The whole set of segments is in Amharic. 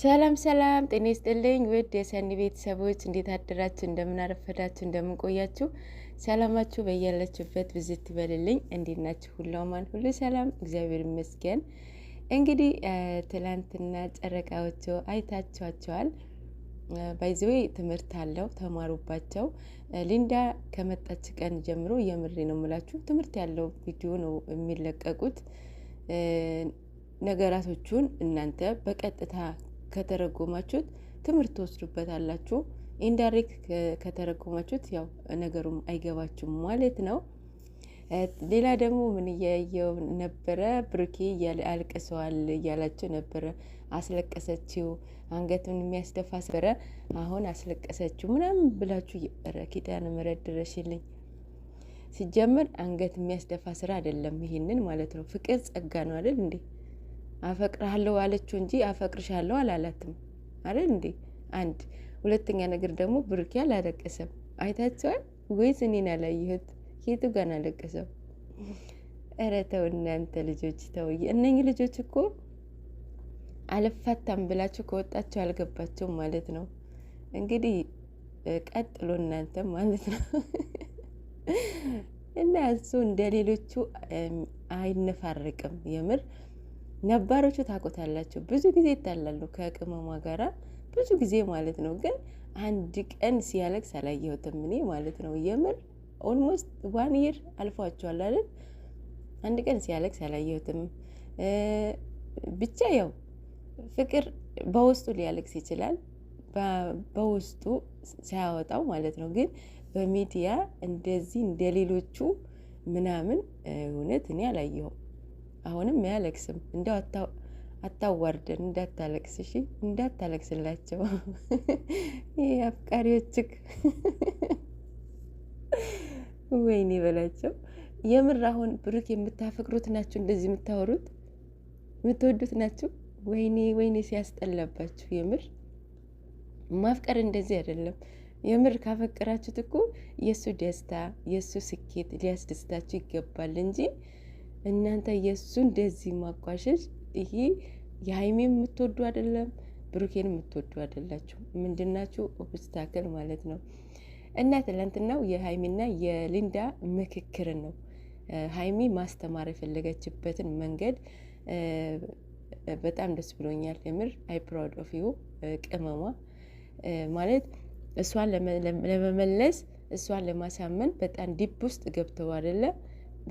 ሰላም ሰላም፣ ጤና ይስጥልኝ ውድ የሰኒ ቤተሰቦች፣ እንዴት አደራችሁ? እንደምን አረፈዳችሁ? እንደምን ቆያችሁ? ሰላማችሁ በያላችሁበት ብዝት ይበልልኝ። እንዴት ናችሁ? ሁላማን ሁሉ ሰላም፣ እግዚአብሔር ይመስገን። እንግዲህ ትላንትና ጨረቃዎቹ አይታችኋቸዋል። ባይዘዌ ትምህርት አለው ተማሩባቸው። ሊንዳ ከመጣች ቀን ጀምሮ የምሬ ነው የምላችሁ ትምህርት ያለው ቪዲዮ ነው የሚለቀቁት ነገራቶቹን እናንተ በቀጥታ ከተረጎማችሁት ትምህርት ትወስዱበታላችሁ። ኢንዳይሬክት ከተረጎማችሁት ያው ነገሩም አይገባችሁም ማለት ነው። ሌላ ደግሞ ምን እያየው ነበረ? ብሩኬ እያለ አልቅሰዋል እያላቸው ነበረ። አስለቀሰችው፣ አንገቱን የሚያስደፋ ነበረ። አሁን አስለቀሰችው ምናምን ብላችሁ ረ ኪዳነ ምሕረት ድረሽልኝ። ሲጀምር አንገት የሚያስደፋ ስራ አይደለም። ይሄንን ማለት ነው ፍቅር ጸጋ ነው አይደል እንዴ? አፈቅርሃለሁ አለችው እንጂ አፈቅርሻለሁ አላላትም። አረ እንዴ! አንድ ሁለተኛ ነገር ደግሞ ብሩኬ አላለቀሰም። አይታችኋል ወይስ እኔን አላየሁት? ኬቱ ጋር አለቀሰው። እረ ተው እናንተ ልጆች ተው። እነኚህ ልጆች እኮ አልፋታም ብላችሁ ከወጣችሁ አልገባችሁም ማለት ነው። እንግዲህ ቀጥሎ እናንተ ማለት ነው እና እሱ እንደ ሌሎቹ አይነፋርቅም የምር ነባሮቹ ታቆታላቸው ብዙ ጊዜ ይታላሉ ከቅመሟ ጋራ ብዙ ጊዜ ማለት ነው። ግን አንድ ቀን ሲያለቅስ አላየሁትም እኔ ማለት ነው። የምር ኦልሞስት ዋን ይር አልፏቸዋል አይደል? አንድ ቀን ሲያለቅስ አላየሁትም። ብቻ ያው ፍቅር በውስጡ ሊያለቅስ ይችላል፣ በውስጡ ሳያወጣው ማለት ነው። ግን በሚዲያ እንደዚህ እንደሌሎቹ ምናምን እውነት እኔ አላየሁም። አሁንም አያለቅስም። እንደው አታዋርደን፣ እንዳታለቅስ እሺ፣ እንዳታለቅስላቸው ይህ አፍቃሪዎችክ ወይኔ በላቸው። የምር አሁን ብሩክ የምታፈቅሩት ናችሁ? እንደዚህ የምታወሩት የምትወዱት ናችሁ? ወይኔ ወይኔ፣ ሲያስጠላባችሁ የምር ማፍቀር እንደዚህ አይደለም። የምር ካፈቀራችሁት እኮ የእሱ ደስታ የእሱ ስኬት ሊያስደስታችሁ ይገባል እንጂ እናንተ የእሱ እንደዚህ ማቋሸሽ ይሄ የሀይሜ የምትወዱ አይደለም፣ ብሩኬን የምትወዱ አይደላችሁ። ምንድናችሁ? ኦብስታክል ማለት ነው። እና ትላንትናው የሀይሜና የሊንዳ ምክክርን ነው። ሀይሚ ማስተማር የፈለገችበትን መንገድ በጣም ደስ ብሎኛል። የምር አይ ፕራውድ ኦፍ ዩ ቅመሟ ማለት እሷን ለመመለስ እሷን ለማሳመን በጣም ዲፕ ውስጥ ገብተው አይደለም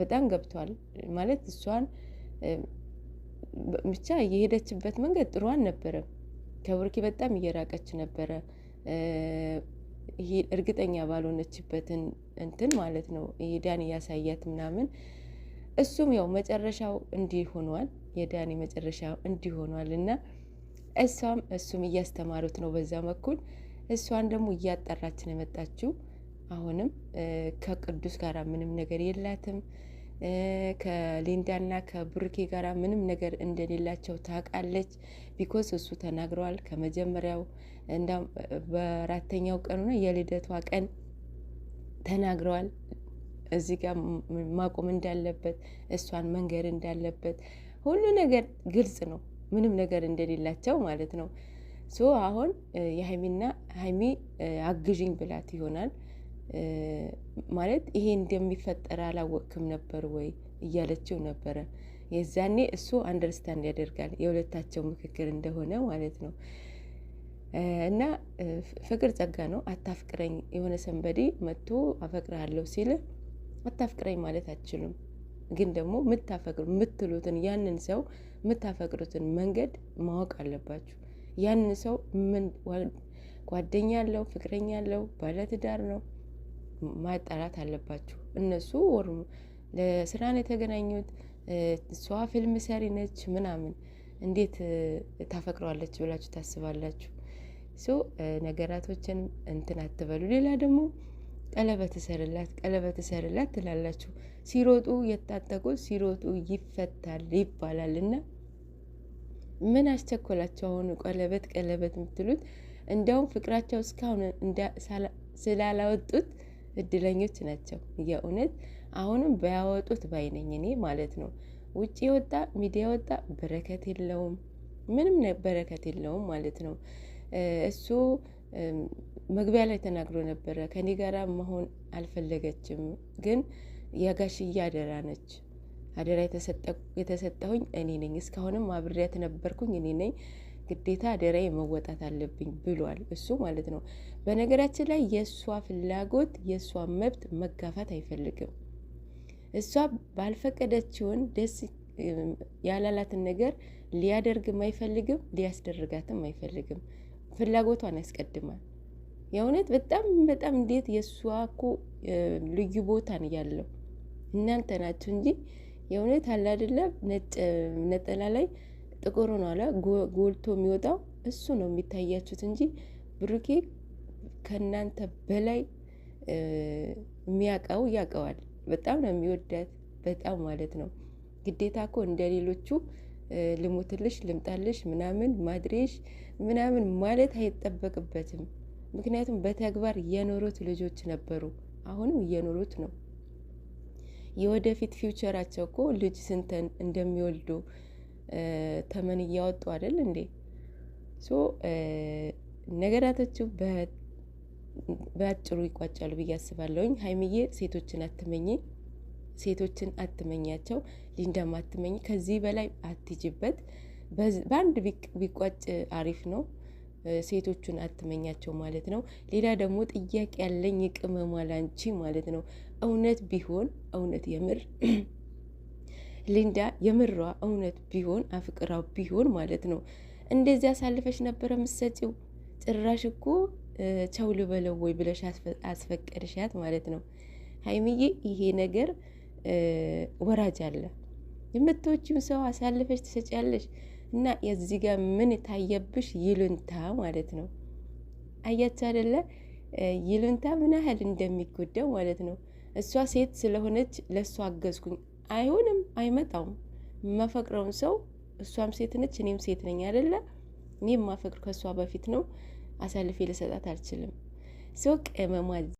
በጣም ገብቷል ማለት እሷን ብቻ የሄደችበት መንገድ ጥሩ አልነበረም። ከብሩኬ በጣም እየራቀች ነበረ። እርግጠኛ ባልሆነችበትን እንትን ማለት ነው ዳኒ ያሳያት ምናምን። እሱም ያው መጨረሻው እንዲህ ሆኗል። የዳኒ መጨረሻ እንዲህ ሆኗል እና እሷም እሱም እያስተማሩት ነው በዛ በኩል እሷን ደግሞ እያጠራች ነው የመጣችው። አሁንም ከቅዱስ ጋር ምንም ነገር የላትም። ከሊንዳና ከብሩኬ ጋር ምንም ነገር እንደሌላቸው ታውቃለች። ቢኮስ እሱ ተናግረዋል ከመጀመሪያው እንዳውም በአራተኛው ቀን ሆነ የልደቷ ቀን ተናግረዋል። እዚህ ጋር ማቆም እንዳለበት እሷን መንገር እንዳለበት ሁሉ ነገር ግልጽ ነው። ምንም ነገር እንደሌላቸው ማለት ነው። ሶ አሁን የሀይሚና ሀይሚ አግዥኝ ብላት ይሆናል ማለት ይሄ እንደሚፈጠር አላወቅክም ነበር ወይ እያለችው ነበረ። የዛኔ እሱ አንደርስታንድ ያደርጋል የሁለታቸው ምክክር እንደሆነ ማለት ነው። እና ፍቅር ጸጋ ነው። አታፍቅረኝ የሆነ ሰንበዴ መጥቶ አፈቅርሃለሁ ሲል አታፍቅረኝ ማለት አትችሉም። ግን ደግሞ ምታፈቅሩ ምትሉትን ያንን ሰው ምታፈቅሩትን መንገድ ማወቅ አለባችሁ። ያንን ሰው ምን ጓደኛ አለው፣ ፍቅረኛ አለው፣ ባለትዳር ነው ማጣራት አለባችሁ። እነሱ ወር ለስራ ነው የተገናኙት፣ እሷ ፊልም ሰሪ ነች ምናምን፣ እንዴት ታፈቅረዋለች ብላችሁ ታስባላችሁ? ሶ ነገራቶችን እንትን አትበሉ። ሌላ ደግሞ ቀለበት እሰርላት፣ ቀለበት እሰርላት ትላላችሁ። ሲሮጡ የታጠቁት ሲሮጡ ይፈታል ይባላል እና ምን አስቸኮላቸው አሁን ቀለበት ቀለበት የምትሉት? እንዲያውም ፍቅራቸው እስካሁን ስላላወጡት እድለኞች ናቸው። የእውነት አሁንም ባያወጡት ባይነኝ እኔ ማለት ነው። ውጭ ወጣ ሚዲያ ወጣ በረከት የለውም፣ ምንም በረከት የለውም ማለት ነው። እሱ መግቢያ ላይ ተናግሮ ነበረ። ከኔ ጋራ መሆን አልፈለገችም፣ ግን የጋሽዬ አደራ ነች። አደራ የተሰጠሁኝ እኔ ነኝ። እስካሁንም አብሬያት ነበርኩኝ እኔ ነኝ። ግዴታ አደራ መወጣት አለብኝ ብሏል እሱ ማለት ነው። በነገራችን ላይ የእሷ ፍላጎት የእሷ መብት መጋፋት አይፈልግም። እሷ ባልፈቀደችውን ደስ ያላላትን ነገር ሊያደርግም አይፈልግም፣ ሊያስደርጋትም አይፈልግም። ፍላጎቷን ያስቀድማል። የእውነት በጣም በጣም እንዴት የእሷ እኮ ልዩ ቦታ ነው ያለው። እናንተ ናችሁ እንጂ የእውነት አላደለም ነጠላ ላይ ጥቁር አለ ጎልቶ የሚወጣው እሱ ነው የሚታያችሁት እንጂ ብሩኬ ከእናንተ በላይ የሚያውቀው ያውቀዋል። በጣም ነው የሚወዳት በጣም ማለት ነው። ግዴታ እኮ እንደ ሌሎቹ ልሞትልሽ፣ ልምጣልሽ፣ ምናምን ማድሬሽ ምናምን ማለት አይጠበቅበትም። ምክንያቱም በተግባር የኖሩት ልጆች ነበሩ፣ አሁንም እየኖሩት ነው። የወደፊት ፊውቸራቸው እኮ ልጅ ስንተን እንደሚወልዱ ተመን እያወጡ አይደል እንዴ? ሶ ነገራቶቹ በአጭሩ ይቋጫሉ ብዬ አስባለሁኝ። ሀይምዬ ሴቶችን አትመኝ፣ ሴቶችን አትመኛቸው። ሊንዳም አትመኝ፣ ከዚህ በላይ አትጅበት። በአንድ ቢቋጭ አሪፍ ነው። ሴቶቹን አትመኛቸው ማለት ነው። ሌላ ደግሞ ጥያቄ ያለኝ ቅመሟ ላንቺ ማለት ነው። እውነት ቢሆን እውነት የምር ሊንዳ የምሯ እውነት ቢሆን አፍቅራው ቢሆን ማለት ነው እንደዚህ አሳልፈሽ ነበረ ምሰጪው። ጭራሽ እኮ ቸው ልበለው ወይ ብለሽ አስፈቀድሻት ማለት ነው። ሀይምዬ ይሄ ነገር ወራጅ አለ። የምትወጂውን ሰው አሳልፈሽ ትሰጫለሽ እና የዚህ ጋር ምን ታየብሽ? ይሉንታ ማለት ነው። አያች አደለ? ይሉንታ ምን ያህል እንደሚጎዳው ማለት ነው። እሷ ሴት ስለሆነች ለእሷ አገዝኩኝ አይሆንም፣ አይመጣውም። የማፈቅረውን ሰው እሷም ሴት ነች፣ እኔም ሴት ነኝ አይደለ? እኔ የማፈቅር ከእሷ በፊት ነው። አሳልፌ ልሰጣት አልችልም። ሰው ቀመሟል።